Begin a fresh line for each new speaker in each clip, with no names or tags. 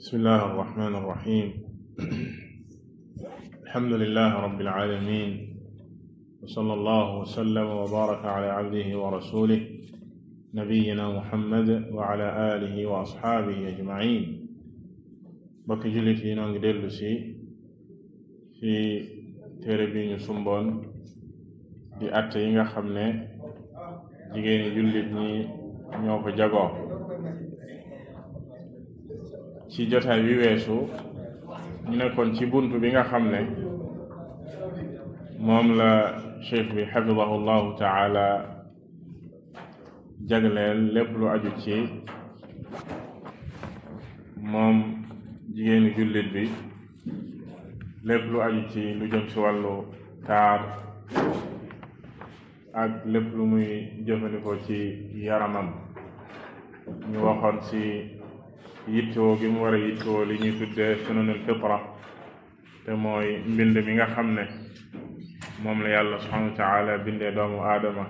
bismillahi arrahmani irrahim alhamdulilahi rabilalamin wa sala allahu wasallama wa ala abdihi wa rasulih muhammad wa ala alihi ajmain bakki jullit yi noo ngi dellu bi ñu di atte yi nga xam ne jigéeni jullit ñi ci jotaay bi weesu ñu nekkoon ci bunt bi nga xam ne moom la cheikh bi xafidahu llahu taala jagleel lépp lu aju ci moom jigéenu jullit bi lépp lu aju ci lu jëm ci wàllu taar ak lépp lu muy jëfandikoo ci yaramam ñu waxoon ci yittewoo gi mu war a yittewoo li ñuy tuddee sunanul fitra te mooy mbind mi nga xam ne moom la yàlla subhanahu wa taala doomu aadama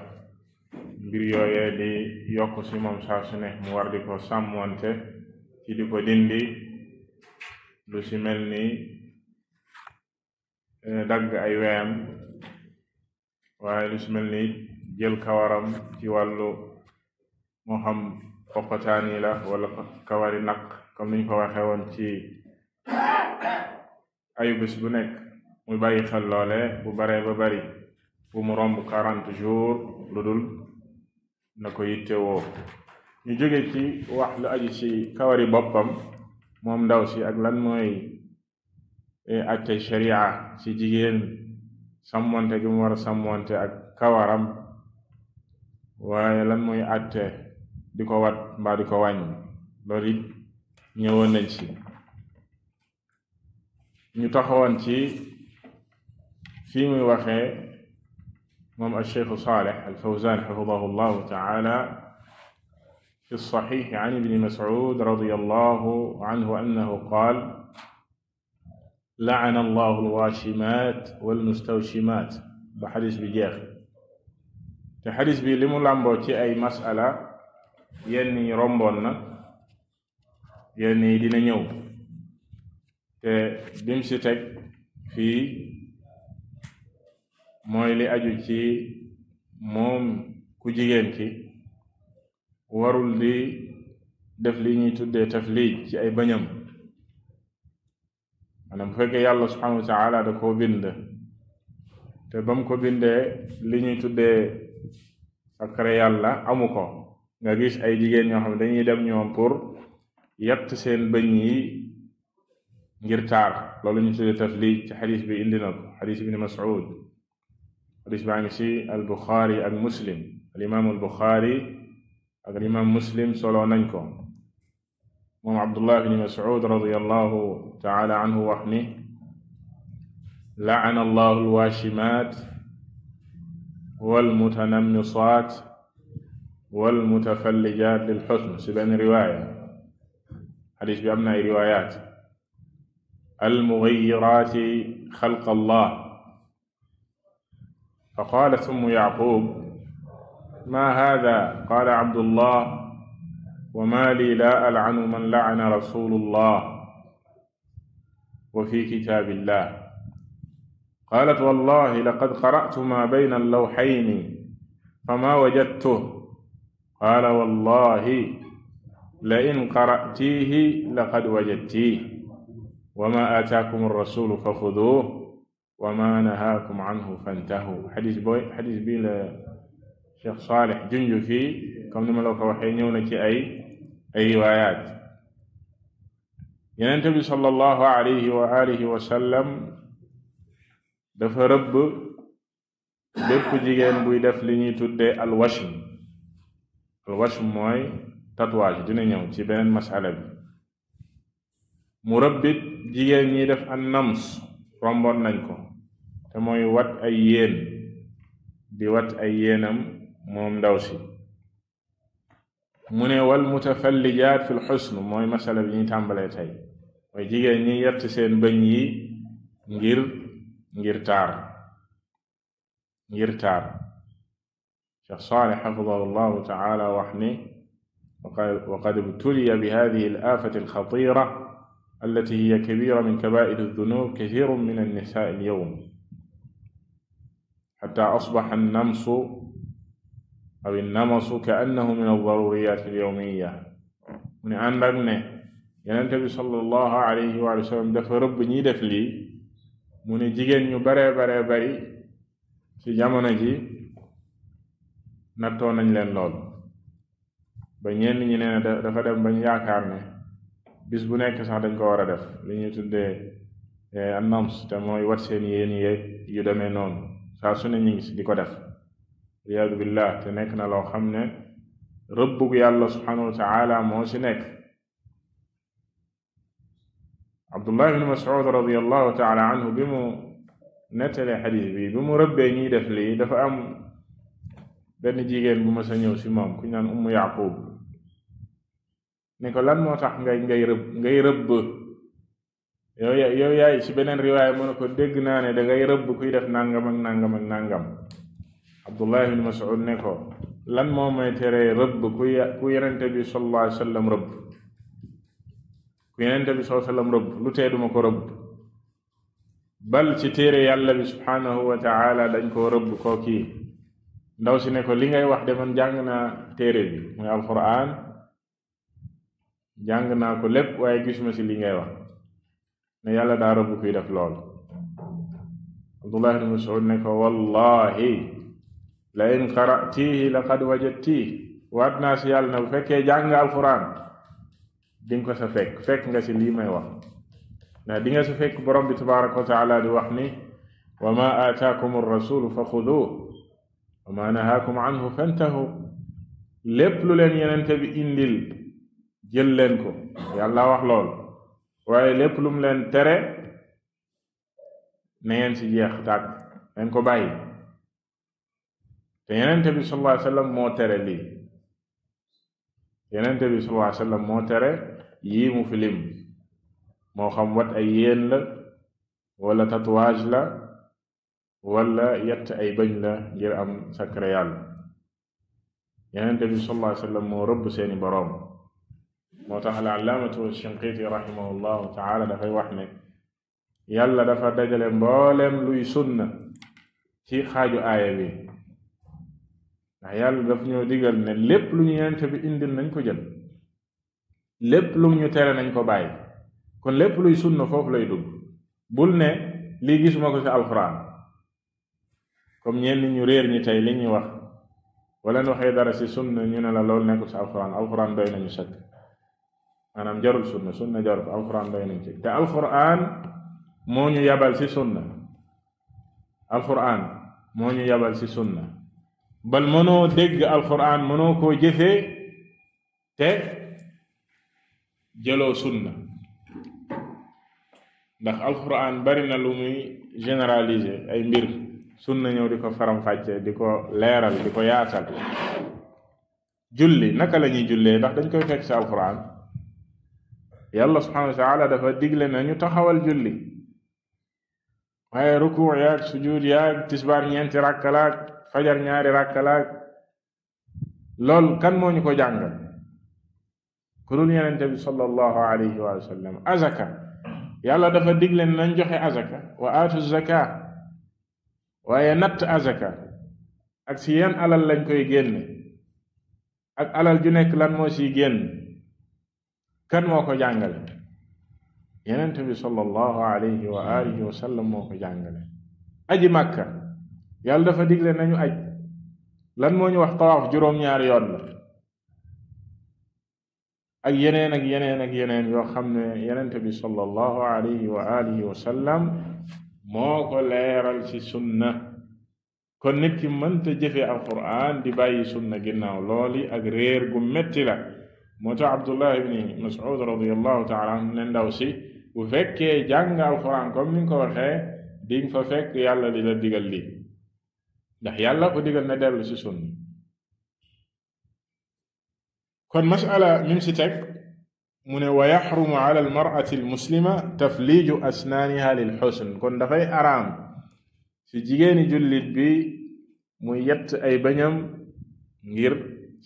mbir yooyee di yokk si moom saa ne mu war di ko ci di ko dindi lu si ni eh, dagg ay weyam waaye lu si ni jël kawaram ci wàllu moo xam poqotaan yi la wala kawari naq comme niñ ko waxee woon ci ayu bés bu nekk muy bàyyi xel loole bu baree ba bari bu mu romb quarante jours lu dul na ko yitte woo ñu jege ci wax lu aju ci kawari boppam moom ndaw si ak lan mooy àtte sharia ci jigéen sàmmonte gi mu war a sàmmonte ak kawaram waaye lan mooy àtte di ko wat mbaa di ko wàññi loolu it ñëwoon nañ ci ñu taxawoon ci fii muy waxee moom alcheikhu Saalih alfawzaan xafidahu llahu taala fi lsaxixi an ibni mascuud radi allahu anhu annahu qaal lacana allahu alwaashimaat walmustawshimaat ba xadis bi jeex te xadis bi li mu làmboo ci ay masala yenn yi na yenn yi dina ñëw te bim teg fii mooy li aju ci moom ku jigéen ki warul di def li ñuy tuddee taflij ci ay bañam maanaam bu fekkee yàlla subhanahu taala da koo bind te bam ko bindee li ñuy tuddee sakare yàlla amu ko nga gis ay jigéen ñoo xam ne dañuy dem ñoom pour yett seen bëñ yi ngir taar loolu ñu tudde taflij ci xadis bi indi na ko xadis ibni mas'ud xadis baa ngi si al buxaari ak muslim al imaam al buxaari ak al imaam muslim solo nañ ko moom abdullah ibni mas'ud radiyallahu taala anhu wax ni laana allahu alwaashimaat walmutanammisaat wal mutafallijaat lil xusn si benn riwaaya xadis bi am na ay riwaayaat al mugayiraati xalq allah fa qaala summu yacquub ma haada qaala cabdullah wa ma lii laa alcanu man lacana rasulullah wa fi kitaabillah qaalat wallahi laqad qara'tu ma bayna allawxayni fa ma wajadtuh qaala wallahi la in qara'tiihi laqad wajadtiih wa ma ataakum rasulu fa xuduuh wa ma nahaakum anhu fantahu xadis booy xadis bii la Cheikh Saalix junj fii comme ni ma la ko waxee ñëw na ci ay ay riwaayaat Yonent bi sallallahu alayhi wa alihi wa sallam dafa rëbb bépp jigéen buy def li ñuy tuddee alwashm alwash mooy tatouage dina ñëw ci beneen masala bi murabbit jigéen ñi def an nams rombon nañ ko te mooy wat ay yéen di wat ay yéenam moom ndaw si mu ne wal mutafallijaat fi lxusn mooy masala bi ñuy tàmbalee tey mooy jigéen ñi yett seen bëñ yi ngir ngir taar ngir taar Cheikh Saalih xafidahu llahu taala wax ne waqad ibtuliya bi hadihi al-aafati al-xatiira allati hiya kabiira min kabaa'iri ad-dunuub kasiirun mina an-nisaa'i al-yawm xattaa asbaxa an-namsu aw an-namasu ka'annahu mina ad-daruuriyaati al-yawmiyya mu ne ànd ak ne Yonent bi sallallahu alayhi wa sallam dafa rëbb ñiy def lii mu ne jigéen ñu baree baree bari ci jamono ji nattoo nañ leen lool ba ñenn ñi nee dafa dem bañ yaakaar ne bis bu nekk sax dañ ko war a def li ñuy tuddee eh, annams te mooy wat seen yéen yeeg yu demee noonu saa su ne ñu si di ko def riyaadu billah te nekk na loo xam ne rëbbug yàlla subhanahu wa taala moo si nekk abdullah ibn mas'ud radiallahu taala anhu bi mu nettalee xadis def lii dafa am benn jigéen bu ma sa si moom ku ñaan ummu yaqub ne ko lan moo tax ngay ngay rëbb ngay rëbb yow yow si beneen riwaay mu ne ko dégg naa ne da kuy def nangam ak nangam ak nangam abdullah ibn mas'ud ne ko lan moo may teree rëbb kuy ku yenente bi sallallahu alayhi wasallam rëbb ku yenente bi sallallahu alayhi wasallam rëbb lu tee duma ko rëbb bal ci téere yàlla bi wa taala dañ koo rëbb koo kii ndaw si ne ko li ngay wax de man jàng naa téere bi muy alquran jàng naa ko lépp waaye gisuma si li ngay wax ne yàlla daa rëbb kuy def lool abdullah ibn mas'ud ne ko wallahi la in qara'tihi laqad wajadtihi waat naa si yàlla ne bu fekkee jàng nga alquran ko sa fekk nga si lii may wax ndax di nga fekk borom bi tabaraka wa taala di wax ni wa ma aataakum ar fa xuduuh wa ma nahaakum anhu fantahu lépp lu leen yenente bi indil jël leen ko yàlla wax lool waaye lépp lum leen tere na ngeen ci jeex tàkk ngeen ko bàyyi te yenente bi sallallahu alayhi moo tere lii yenente bi sallallahu alayhi moo tere yiimu mu fi lim moo xam wat ay yéen la wala tatouage la wala yett ay bëñ la ngir am sakra yàlla yenente bi sallallahu alayhi wa moo rëbb seeni boroom moo tax alaalaamatu shinqiti rahimahullahu taala dafay wax ne yàlla dafa dajale mbooleem luy sunna ci xaaju aaya bi ndax yàlla daf ñoo digal ne lépp lu ñu yenente bi indil nañ ko jël lépp lu ñu tere nañ ko bàyyi kon lépp luy sunna foofu lay dugg bul ne lii gisuma ko ci alxuraan comme ñenn ñu réer ñi tey li ñuy wax wala ñu waxee dara si sunna ñu ne la loolu nekkul si alxuraan alxuraan doy nañu sëkk maanaam jarul sunna sunna jarul alxuraan doy nañu sëkk te alxuraan moo ñu yabal si sunna alxuraan moo ñu yabal si sunna bal mënoo dégg alxuraan mënoo koo jëfee te jëloo sunna ndax alxuraan bari na lu ay mbir sunna ñëw di ko faram-fàccee di ko leeral di ko yaatal julli naka la ñuy jullee ndax dañ koy fekk ci alquran yàlla subhanahu taala dafa digle na ñu taxawal julli waaye ruku yaag sujud yaag tisbaar ñeenti ràkkalaak fajar ñaari ràkkalaak lool kan moo ñu ko jàngal ku dul yenente bi sallallahu alayhi wa sallam azaka yàlla dafa digle nañ joxe azaka wa aatu zaka waaye natt azaka ak si yenn alal lañ koy génne ak alal ju nekk lan moo ci génn kan moo ko jàngale yenent bi sallallahu alayhi wa alihi moo ko jàngale aji màkka yàlla dafa digle nañu aj lan moo ñu wax tawaaf juróom-ñaari yoon ak yeneen ak yeneen ak yeneen yoo xam ne yenent bi sallallahu alayhi wa alihi wa sallam moo ko leeral ci sunna kon nit ki mënta jëfee alquran di bàyyi sunna ginnaaw looli ak réer gu metti la moo tax abdullah ibni mas'ud radiallahu taala anhu ne ndaw si bu fekkee jàng alquran comme ni nga ko waxee di nga fa fekk yàlla di la digal li ndax yàlla ko digal na dellu si sunna kon masala mim si teg mu ne wa yaxrumu ala almar'ati almuslima tafliiju asnaaniha lil xusn kon dafay araam ci jigéeni jullit bi mu yett ay bañam ngir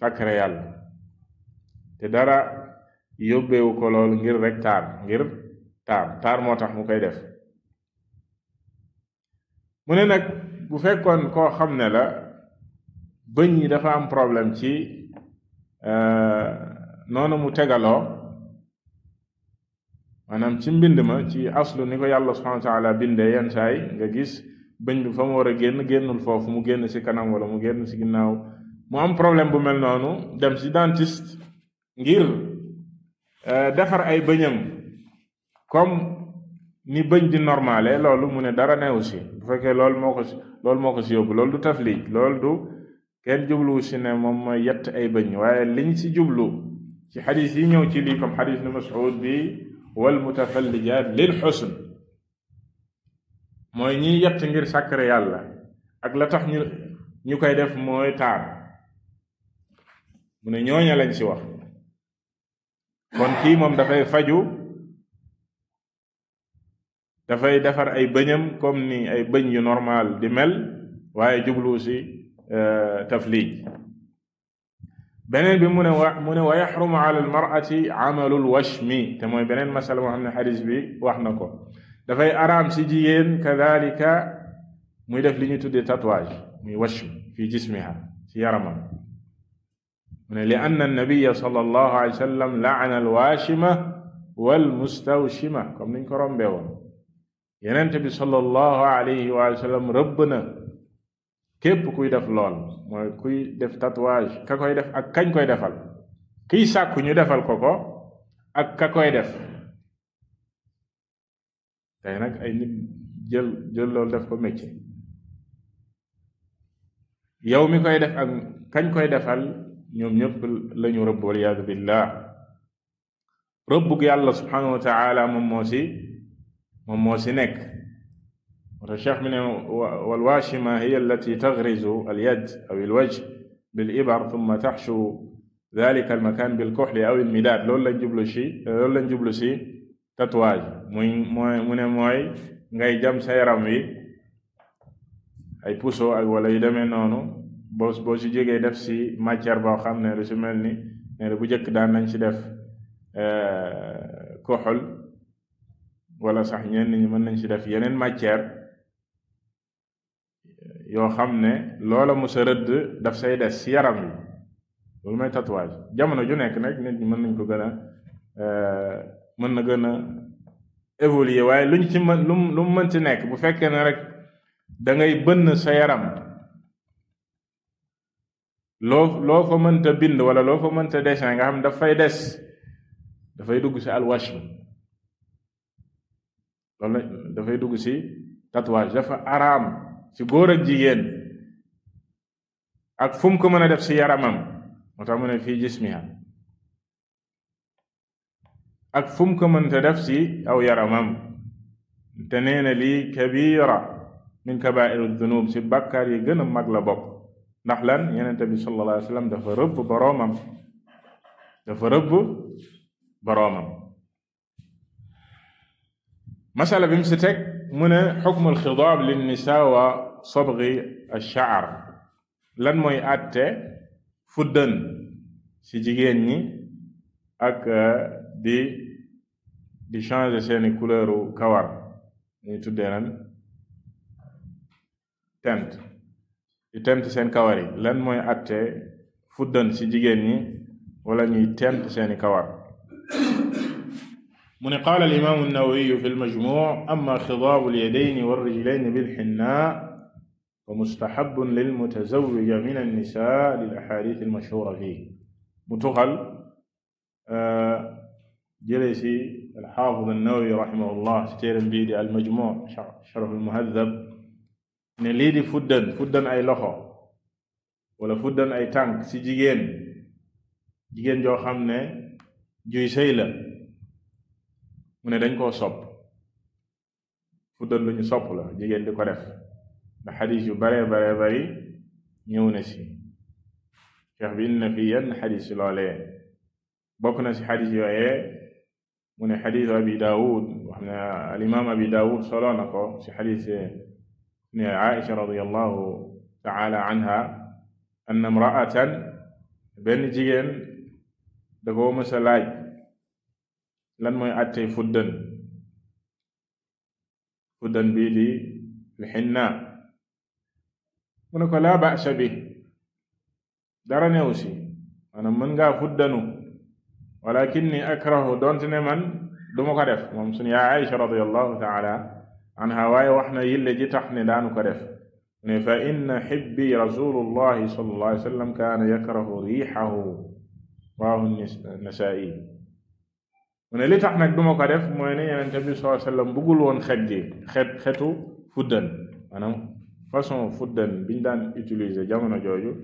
sàkkare yàlla te dara yóbbewu ko lool ngir rek taar ngir taar taar moo tax mu koy def mu ne nag bu fekkoon koo xam ne la bëñ yi dafa am problème ci euh, noonu mu tegaloo maanaam ci mbind ma ci aslu ni ko yàlla subhanahu wa taala binde yenn saay nga gis bëñ bi fa mu war a génn génnul foofu mu génn ci kanam wala mu génn ci ginnaaw mu am problème bu mel noonu dem ci dentiste ngir euh, defar ay bëñam comme ni bëñ di normale loolu mu ne dara newu ci bu fekkee lool moo ko ci loolu moo ko ci yóbbu loolu du taflij loolu du kenn jubluwu ci ne moom mooy yett ay bëñ waaye liñ ci jublu ci xadis yi ñëw ci lii comme xadis nu Mas'ud bi wal mutafallijaat lil xusn mooy ñi yett ngir sàkkare yàlla ak la tax ñu ñu koy def mooy taar mu ne ñooña lañ si wax kon kii moom dafay faju dafay defar ay bëñam comme ni ay bëñ yu normal di mel waaye jublu ci e, taflij beneen bi mu ne wa mu ne wa yaxrumu ala almarati amalu lwashmi te mooy beneen masala moo xam ne xadis bi wax na ko dafay araam si jigéen def li ñuy tuddee tatouage muy washu fi jismiha si yaramam mu ne li anna nabiya sallallahu alayhi wa sallam laana alwaashima walmustawshima comme niñ ko rombee woon yenente bi sallallahu alayhi wa sallam rëbb kuy def lool mooy kuy def tatouage ka koy def ak kañ koy defal kiy sàkku ñu defal ko ko ak ka koy def tey nag ay nit jël jël def ko métier yow mi koy def ak kañ koy defal ñoom ñëpp lañu ñu rëbb waliyaadu billah rëbbug yàlla subhanahu wa taala moom moo si moom moo si nekk wata cheikh mi ne walwaashima hiya allati tagrizu alyad aw alwaj bil ibar thumma taxshu dalika almakan bilkuxli jublu si jublu si tatouage muy mu ne mooy ngay jam sa yaram wi ay puso ak wala yu demee noonu boo boo si jógee def si matière boo xam ne lu si mel ni ne bu njëkk daan nañ si def eh, koxol wala sax ñenn ñi mën nañ si def yeneen matière yoo xam ne loola mu sa rëdd daf say des si yaram wi loolu mooy tatouage jamono ju nekk nag nit ñi mën nañ ko gën a eh, mën na gën a évoluer waaye luñ ci mën lu lu mu mën ci nekk bu fekkee ne rek da ngay bënn sa yaram loo loo fa mënta bind wala loo fa mënta dessin nga xam daf fay des dafay dugg si alwashm loolu dafay dugg si tatouage dafa araam ci góor ak jigéen ak fu ko mën a def si yaramam moo tax mu ne fii jismiha ak fu mu ko def ci aw yaramam te nee na lii kabira min kabairu dunub ci bàkkaar yi gën a mag la bokk ndax lan yonent bi sallallahu alayhi wa sallam dafa rëbb boroomam dafa mu si teg mu ne xukmu alxidaab linnisa wa sobgi lan mooy àtte fuddën ci jigéen ñi ak eh, di di changer seeni couleuru kawar ñuy tuddee nan tent di tent seen kawar lan mooy atte fuddan ci jigéen ñi wala ñuy tent seeni kawar mu ne qaala alimaamu nawawiyu fi lmajmuc ama xidaabu lyadayni walrijlayni bilxinna wa mustaxabun lilmutazawija min annisa lil axadis almashhura fii mu tuxal eh, jëlee alxaafid annawawi rahimahullah ci téeram bii di almajmu sharh almuhadab ne lii di fuddan ay loxo wala fuddan ay tànk ci jigéen jigéen joo xam ne juy sëy la mu ne dañ koo sopp fuddan lu ñu sopp la jigéen di ko def ndax xadis yu baree baree bari ñëw na si cheikh bi indi na fi bokk na si xadis yooyee mu ne xadiis abi daawud wax ne alimaam abi daawud solo na ko ci xadiis ne aisha radiyallahu taala anha anna imraatan benn jigéen da ko mësa laaj lan mooy àttey fuddan fuddan bii di lxinna mu ne ko laa ba'sa bi dara neew si maanaam mën ngaa fuddanu walakinni akrahu doonte ne man du ma ko def moom suñu yaay Aïcha radiyallahu taala anha waaye wax na yille ji tax ne daanu ko def ne fa inna xibbi rasulullahi sallallahu alayhi wa sallam kaana yakrahu riixahu waahu nasaa'i mu ne li tax nag du ma ko def mooy ne yonente bi sallallahu alayhi wa sallam bëggul woon xet ji xet xetu fuddan maanaam façon fuddan biñ daan utiliser jamono jooju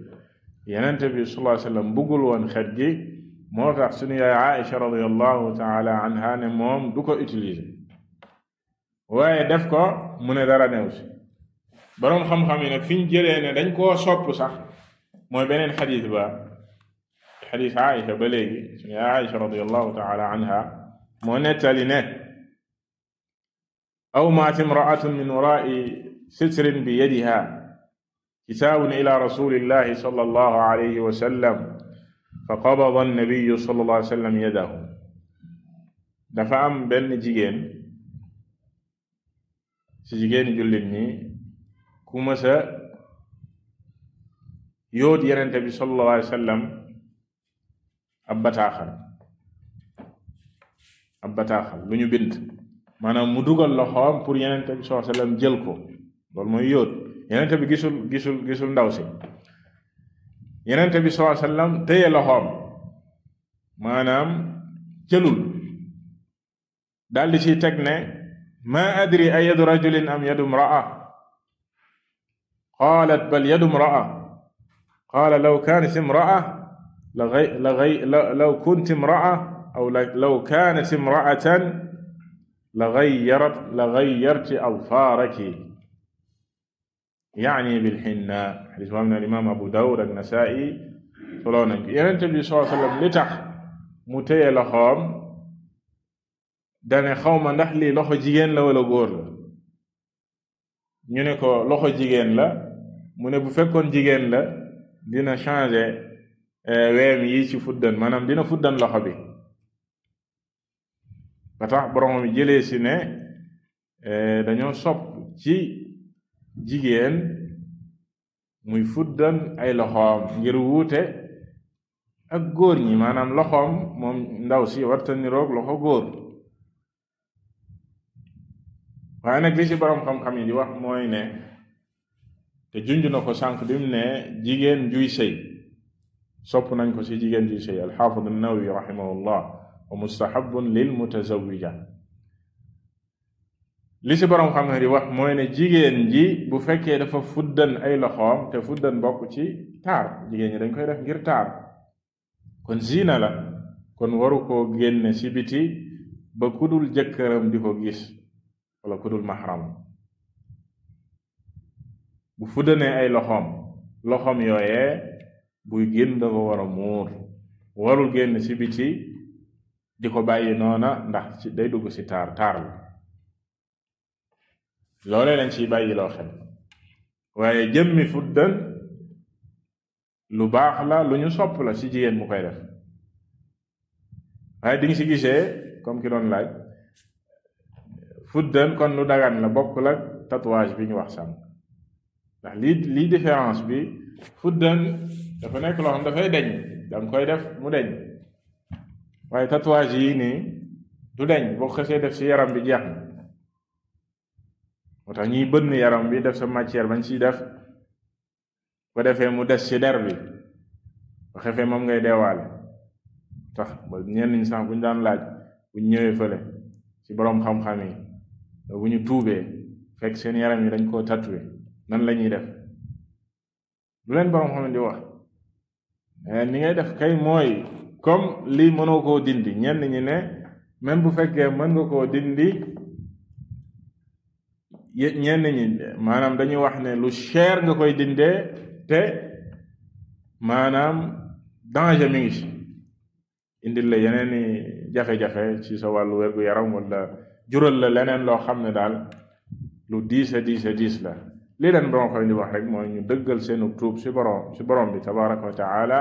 yonente bi sallallahu alayhi wa sallam bëggul woon xet ji moo tax suñu yaay Aïcha radiyallahu taala anha ne moom du ko utiliser waaye def ko mu ne dara new si boroom xam-xam yi nag fi ñu jëlee ne dañ koo sopp sax mooy beneen xadis ba xadis Aïcha ba léegi suñu yaay Aïcha radiyallahu taala anha moo nettali ne aw maat imraatun min waraai sitrin bi yadiha kitaabun ila rasulillahi sallallahu alayhi wa sallam fa qabada annabiyu sallallahu alayhi wa sallam yadahu dafa am benn jigéen ci jigéeni jullit ñi ku mës yoot yóot yenente bi sallallahu ab bataaxal ab bataaxal lu ñu bind maanaam mu dugal loxoom pour yenente bi sallallahu alayhi jël ko loolu mooy yoot yenente bi gisul gisul gisul ndaw si yenente bi sallallahu alayhi wasallam téye loxoom maanaam jëlul daldi ciy teg ne ma adri ay yadu rajulin am yadu imra'a qaalat bal yadu imra'a qaala law kaanat imra'a la gay la gay law kunt imra'a aw law kaanat imra'atan la gayyarat la gayyarti awfaaraki yaani bil xinna xadis boo xam al imaam Abu nañ ko bi sallallahu li tax mu téye loxoom dane xawma ndax lii loxo jigéen la wala góor la ñu ne ko loxo jigéen la mu ne bu fekkoon jigéen la dina changer weem yi ci fuddan maanaam dina fuddan loxo bi ba tax borom mi ne dañoo sopp ci jigéen muy fuddan ay loxoom ngir wuute ak góor ñi maanaam loxoom moom ndaw si warta niroog loxo góor waaye nag li ci boroom xam-xam yi wax mooy ne te junj na ko sanq bi ne jigéen juy sëy sopp nañ ko si jigéen juy sëy alxaafid an-Nawawi rahimahullah wa lil mutazawija li si borom xam ne wax mooy ne jigéen ji bu fekkee dafa fuddan ay loxoom te fuddan bokk ci taar jigéen ñi dañ koy def ngir taar kon zina la kon waru koo génne si biti ba kudul jëkkëram di ko gis wala kudul maxaram bu fuddanee ay loxoom loxoom yooyee buy génn da ko war warul génn si biti di ko bàyyi noona ndax ci day dugg si taar taar la loole lañ ciy bàyyi loo xel waaye jëmmi fuddal lu baax la lu ñu sopp la ci jigéen mu koy def waaye di nga si gisee comme ki doon laaj fuddal kon lu dagan la bokkul ak tatouage bi ñu wax sànq ndax lii lii différence bi fuddal dafa nekk loo xam dafay deñ danga koy def mu deñ waaye tatouage yi nii du deñ boo xasee def si yaram bi jeex na moo tax ñuy bënn yaram wi def sa matière bañ ciy def ko defee mu des ci der bi ba xefee moom ngay deewaale tax ba ñenn ñi sax bu daan laaj bu ñu ñëwee fële ci boroom xam-xam yi bu ñu tuubee fekk seen yaram yi dañ koo tattuwe nan la ñuy def lu leen boroom xam wax eh, ni ngay def kay mooy comme lii mënoo koo dindi ñenn ñi ne même bu fekkee mën nga koo dindi ñenn ñi maanaam dañuy wax ne lu cher nga koy dindee te maanaam danger mi ngi ci indil la yeneen i jafe-jafe ci sa wàllu wérgu yaram wala jural la leneen loo xam ne daal lu diis a diis la li leen borom xam di wax rek mooy ñu dëggal seenu tuub si borom si borom bi tabaraka wa taala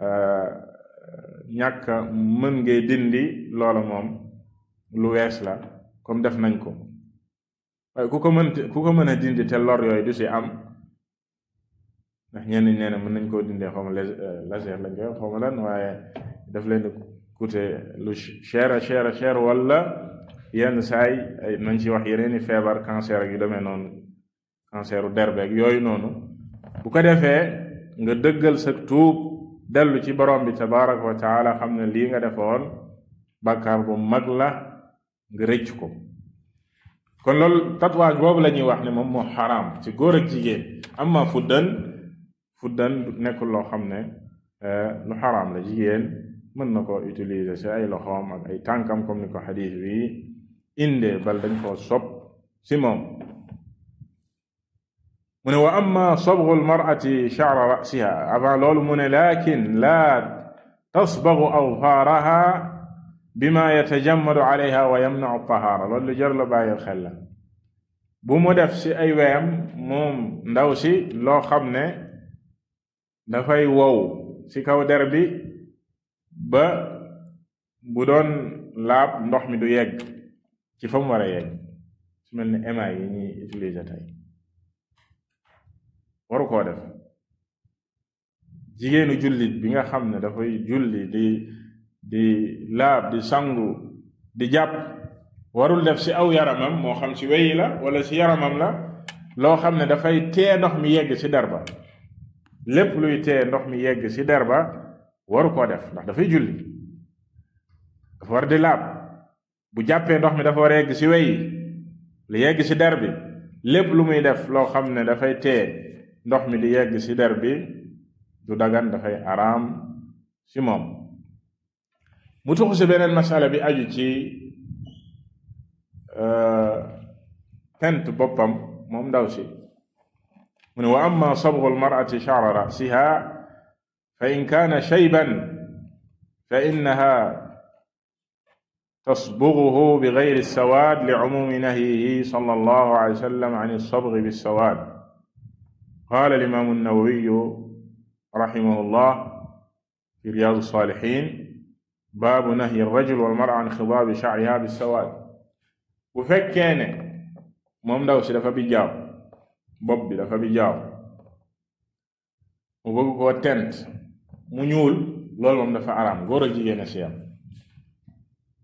euh, ñàkk mën ngay dindi loola moom lu wees la comme def nañ ko waaye ku ko mën ku ko mën a dindi te lor yooyu du si am ndax ñenn ñi nee mën nañ koo dindee xaw ma euh, laser lañ koy xaw ma waaye def leen di coûter lu cher a cher a cher wala yenn saay ay nañ ci wax yeneen i feebar cancer ak yu demee noonu canceru derbeeg yooyu noonu bu ko defee nga dëggal sa tuub dellu ci borom bi tabaraka wa taala xam ne li nga defoon bàkkaar bu mag la nga rëcc ko kon lool tatouage boobu la ñuy wax ne moom moo xaraam ci góor ak jigéen amma fuddan fuddan nekkul loo xam ne euh, lu xaraam la jigéen mën na ko utiliser ci ay loxoom ak ay ni ko xadiis bi indee bal dañ koo sob ci moom mu ne wa amma sabgu almarati shara rasiha avant loolu mu ne lakin la tasbagu awfaaraha bima yatajammadu alayha wa yamnau tahaara loolu lu la bàyyil xel la bu mu def ci ay weyam moom ndaw si loo xam ne dafay wow ci kaw der bi ba bu doon laab ndox mi du yegg ci fam mu yegg su mel ni émail yi ñuy utiliser tey waru koo def jigéenu jullit bi nga xam ne dafay julli di laab di sangu di jàpp warul def ci aw yaramam moo xam ci weyi la wala ci yaramam la loo xam ne dafay tee ndox mi yegg ci der ba lépp luy tee ndox mi yegg ci der ba waru koo def ndax dafay julli dafa war di laab bu jàppee ndox mi dafa war a yegg ci weyi lu yegg ci der bi lépp lu muy def loo xam ne dafay tee ndox mi di yegg ci der bi du dagan dafay araam ci moom mu tuxu si beneen masala bi aju ci pent euh, boppam moom ndaw si mu ne wa amma sabghu almar'ati sha'ra ra'siha fa in kaana shayban fa innaha tasbughuhu bi ghayri sawaad li umumi nahyihi sallallahu alayhi wa sallam an as-sabghi bis-sawaad qaala al-imaamu an-nawawiyu rahimahullah fi riyaadu s-saalihiin baabu nahyi rajul wal mar'a an xidaabi sha'riha bisawaad bu fekkee ne moom ndaw si dafa bi bopp bi dafa bi mu bëgg koo tent mu ñuul loolu moom dafa araam góor jigéen a si yam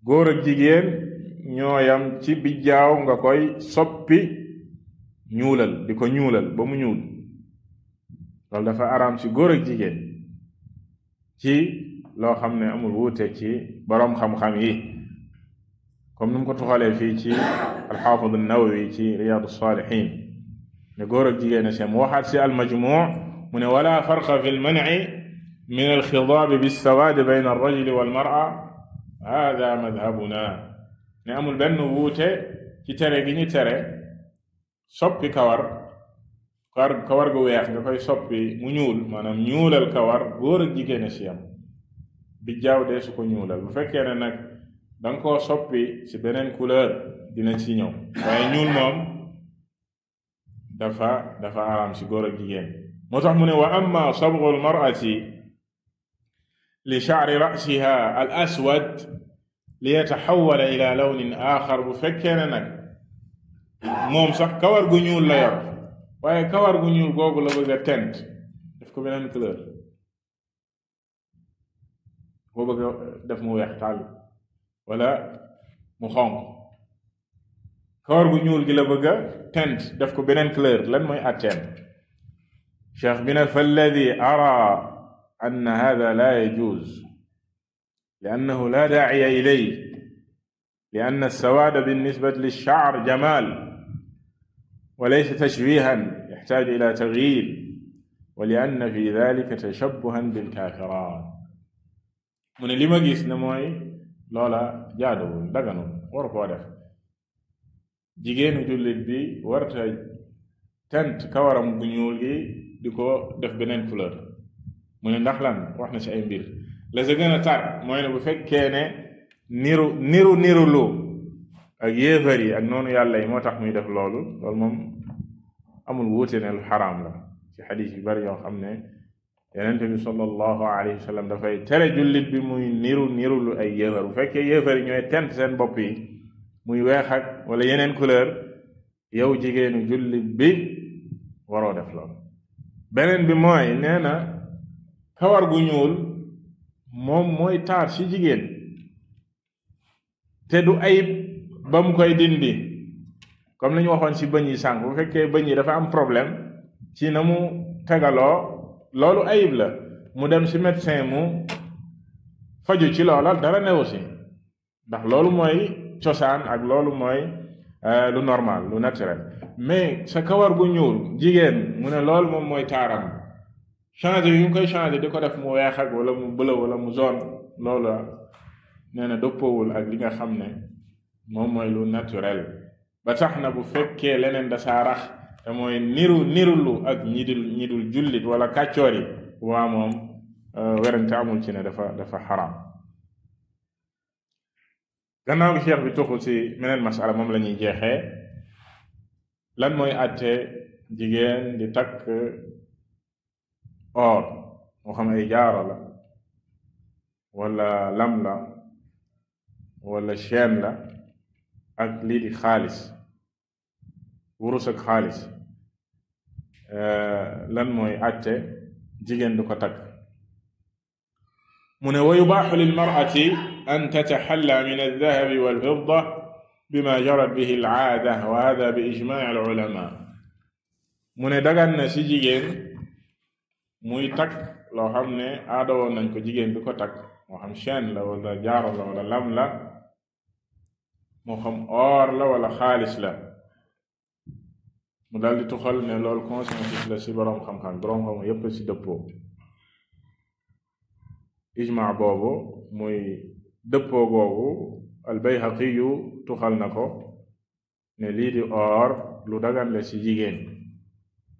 góor ak jigéen ñooyam ci bi jaaw nga koy soppi ñuulal di ko ñuulal ba mu ñuul loolu dafa araam ci góor ak jigéen ci loo xam ne amul wuute ci boroom xam-xam yi comme ni mu ko tuxalee fii ci alxaafid an-Nawawi ne góor ak jigéen si mu waxaat si al-Majmuu mu ne wala farqa fi al-man'i min al-xidaab bis-sawaad bayna ar-rajuli wal-mar'a haada madhabuna amul benn wuute ci tere gi ñu tere soppi kawar kawar kawar gu weex nga koy soppi mu ñuul maanaam ñuulal kawar góor ak jigéen si am bi jaaw de su ko ñuulal bu fekkee ne nag da nga koo soppi ci beneen couleur dina ci ñëw waaye ñuul moom dafa dafa araam ci góor ak moo tax mu ne wa amma sabghu al li sha'ri ra'siha al aswad li yataxawala ila lawnin axar bu fekkee na nag moom sax kawar gu ñuul la yor waaye kawar gu ñuul googu la bëgg a tent def ko beneen couleur boo bëgg def mu weex tàll wala mu xonq kawar gu ñuul gi la bëgg a tent def ko beneen couleur lan mooy atteen cheikh bi ne fa alladi ara anna hada la yajuz liannahu la daaciya ilay liann alsawaada binnisbat lilshaar jamal wa laysa tashbihan yaxtaaju ila tagyir wa liann fi dalika tashabuhan bilkaafirat mu ne li ma gis ne mooy loola jaaduwul daganul war koo def jigéenu jullit bi warta tent kawaram bu ñuul gi di ko def beneen couleur mu ne ndax lan wax na ci ay mbir la sa gën a mooy ne bu fekkee ne niru niru niru ak yéefar yi ak noonu yàlla yi moo tax muy def loolu loolu moom amul wuute ne lu la ci xadiis yu bari yoo xam ne yonent bi sallallahu alayhi wa sallam dafay tere jullit bi muy niru niru ay yéefar bu fekkee yéefar yi ñooy tent seen bopp yi muy weex ak wala yeneen couleur yow jigéenu jullit bi waroo def lool beneen bi mooy nee na kawar gu ñuul moom mooy taar ci jigéen te du ayib ba mu koy dindi comme la ñu waxoon ci bëñ yi sànq bu fekkee bëñ yi dafa am problème ci na mu tegaloo loolu ayib la mu dem ci médecin mu faju ci loola dara newu si ndax loolu mooy cosaan ak loolu mooy eh, lu normal lu naturel mais sa kawar gu ñuul jigéen mu ne loolu moom mooy taaram changer yu koy changer di ko def mu weex wala mu bëla wala mu zone loola nee na ak li nga xam ne moom mooy lu naturel ba tax na bu fekkee leneen da saa te mooy niru nirulu ak ñi jullit wala kàccoor yi waa moom euh, werante amul ci ne dafa dafa xaraam gannaaw gi cheikh bi tuxu ci meneen masala moom lañuy jeexe lan mooy àtte jigéen di takk or moo xam ay jaaro la wala lam la wala chaîne la ak lii di xaalis wurus ak xaalis Euh, lan mooy àtte jigéen du ko takk mu ne wa yubaaxu lilmarati an tataxalla min aldahabi walfidda bima jarat bihi alaada wa hada bi ijmaci alulama mu ne dagan na jigéen muy takk loo xam ne aada woon nañ ko jigéen du ko takk moo xam chaîne la wala jaaro la lam la moo xam or la wala xaalis la mu daal di tuxal ne lool consensus la si boroom xam-xam boroom xam yépp si dëppoo ijmaa boobu muy dëppoo boobu albayhaqiyu tuxal na ko ne lii di lu dagan la si jigéen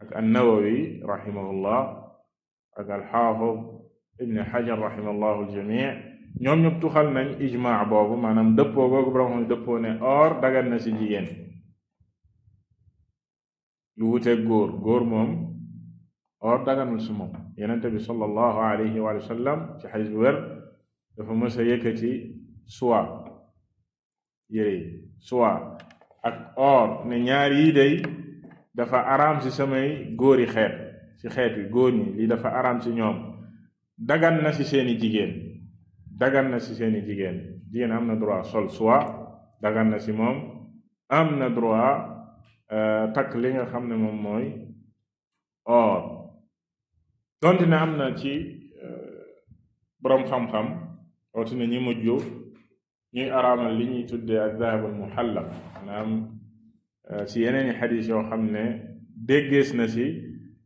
ak annawawi rahimahullah ak alxaafid ibni xajar rahimahullahu aljamii ñoom ñëpp tuxal nañ ijmaa boobu maanaam dëppoo googu boroom xam dëppoo ne or dagan na si jigéen lu wuteeg góor góor moom or daganul si moom yenente bi sallallahu alayhi wa sallam ci xadis bu wér dafa mës a yëkkati suwa yéy suwa ak or ne ñaar yii day dafa araam ci samay góori xeet si xeet wi góor ñi lii dafa araam si ñoom dagan na ci seeni jigéen dagan na si seeni jigéen jigéen am na droit sol suwa dagan na si moom am na droit Euh, takk li nga xam ne moom mooy or donte ne am na ci euh, boroom xam-xam rawatina ñi mujj ñuy araamal li ñuy tuddee ak dahabul muxallaq maanaam euh, ci yeneen i xadis yoo xam ne déggees na ci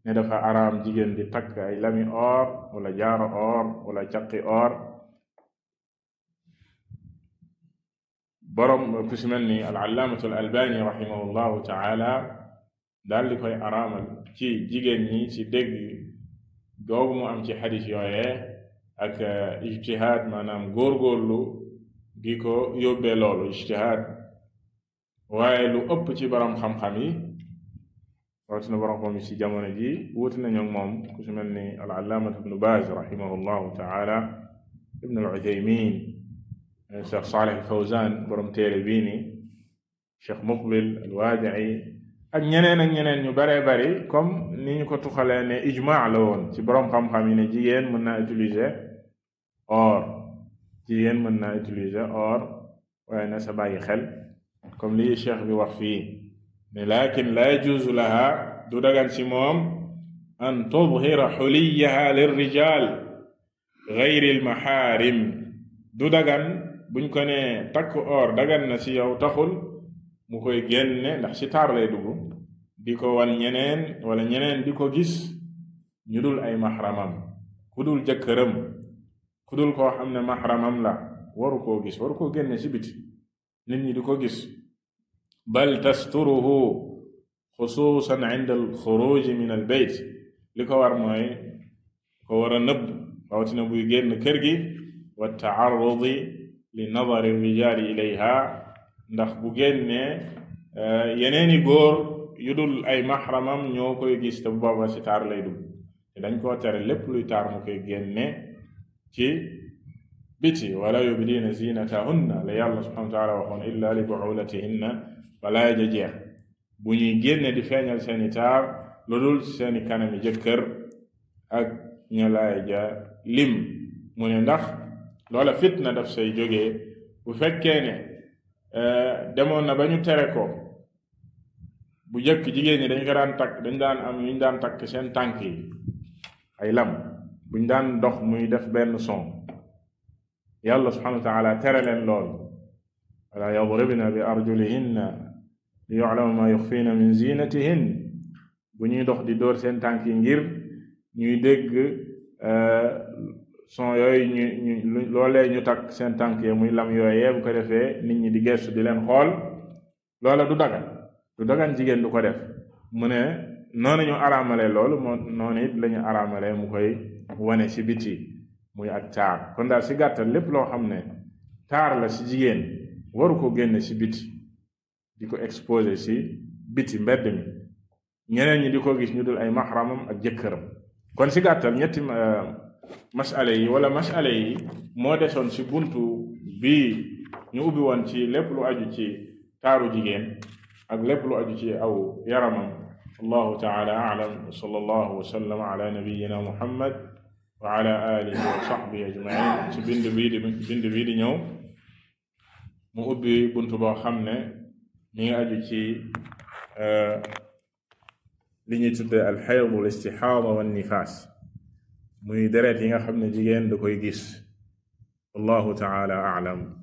ne dafa araam jigéen di takk ay lami or wala jaaro or wala caqi or borom ku si mel ni al allaamatul albani rahimahullahu taala daal di koy ci jigéen ñi ci dégg googu mu am ci xadis yooyee ak uh, ijtihaad maanaam góorgóorlu gi ko yóbbee loolu ijtihaad waaye lu ëpp ci borom xam-xam yi rawatina borom xam ci jamono ji wuti nañu moom ku si mel ni al allaamatu ibnu baaz rahimahullahu taala ibnu al Cheikh Saalih Fawzan borom téere bii nii Cheikh Muqbil al-Waadi'i ak ñeneen ak ñeneen ñu baree bari comme ni ñu ko tuxalee ne ijmaa la woon ci borom xam-xam yi ne jigéen mën naa utiliser or jigéen mën naa utiliser or waaye na sa bàyyi xel comme lii cheikh bi wax fii ne lakin la yajuuzu laha du dagan ci moom an tudhira xuliyaha lirrijal gayri almaxaarim du dagan buñ ko nee takk or dagan na si yow taxul mu koy génne ndax si taar lay dugg di ko wan ñeneen wala ñeneen di ko gis ñu dul ay maxramam ku dul jëkkëram ku dul koo xam ne maxramam la waru ko gis waru koo génne si biti nit ñi di ko gis bal tasturuhu xusuusan inda al min al li ko war mooy ko war nëbb rawatina buy génn kër gi wa taarudi li nadari rijaali ilayha ndax bu génnee eh, yeneeni góor yu dul ay maxramam ñoo koy gis te bu booba ci taar lay dugg te dañ koo tere lépp luy taar mu koy génne ci biti wala yubdiina zinatahunna la yàlla subhanahu wa taala waxoon illa li buulatihinna balaa ja jeex bu ñuy génne di feeñal seeni taar lu dul seeni kanami jëkkër ak ña laay ja lim mu ne ndax lool loola fitna daf say jógee bu fekkee ne euh, demoon na ba ñu tere ko bu jëkk jigéen ñi dañ ko daan takk dañ daan am ñu daan takk seen tànk yi ay lam buñ daan dox muy def benn son yàlla subhanahu wa taala tere leen lool wala yadribna bi arjulihinna li yu'lama ma yuxfiina min zinatihin bu ñuy dox di dóor seen tànk yi ngir ñuy dégg euh, son yooyu ñu ñu loolee ñu takk seen tànk ya muy lam yooyee bu ko defee nit ñi di gestu di leen xool loola du dagan du dagan jigéen du ko def mu ne noonu ñu araamale loolu moo noonu it la ñu mu koy wane si biti muy ak taar kon daal si gàttal lépp loo xam ne taar la ci jigéen waru ko génne si biti di ko exposé ci biti mbedd mi ñeneen ñi di ko gis ñu dul ay maxramam ak jëkkëram kon si gàttal ñetti euh, masala yi wala masala yi moo desoon ci buntu bi ñu ubbi woon ci lépp lu ci taaru jigéen ak lépp lu aju ci aw yaramam allahu taala alam wa sallallahu wa sallam ala nabiyina bii di ñëw mu ubbi buntu boo xam ne mi ngi ci eh, li ñuy tudde alxayd al istixaada wa nifaas muy deret yi nga xam ne jigéen da koy gis wallahu taala aalam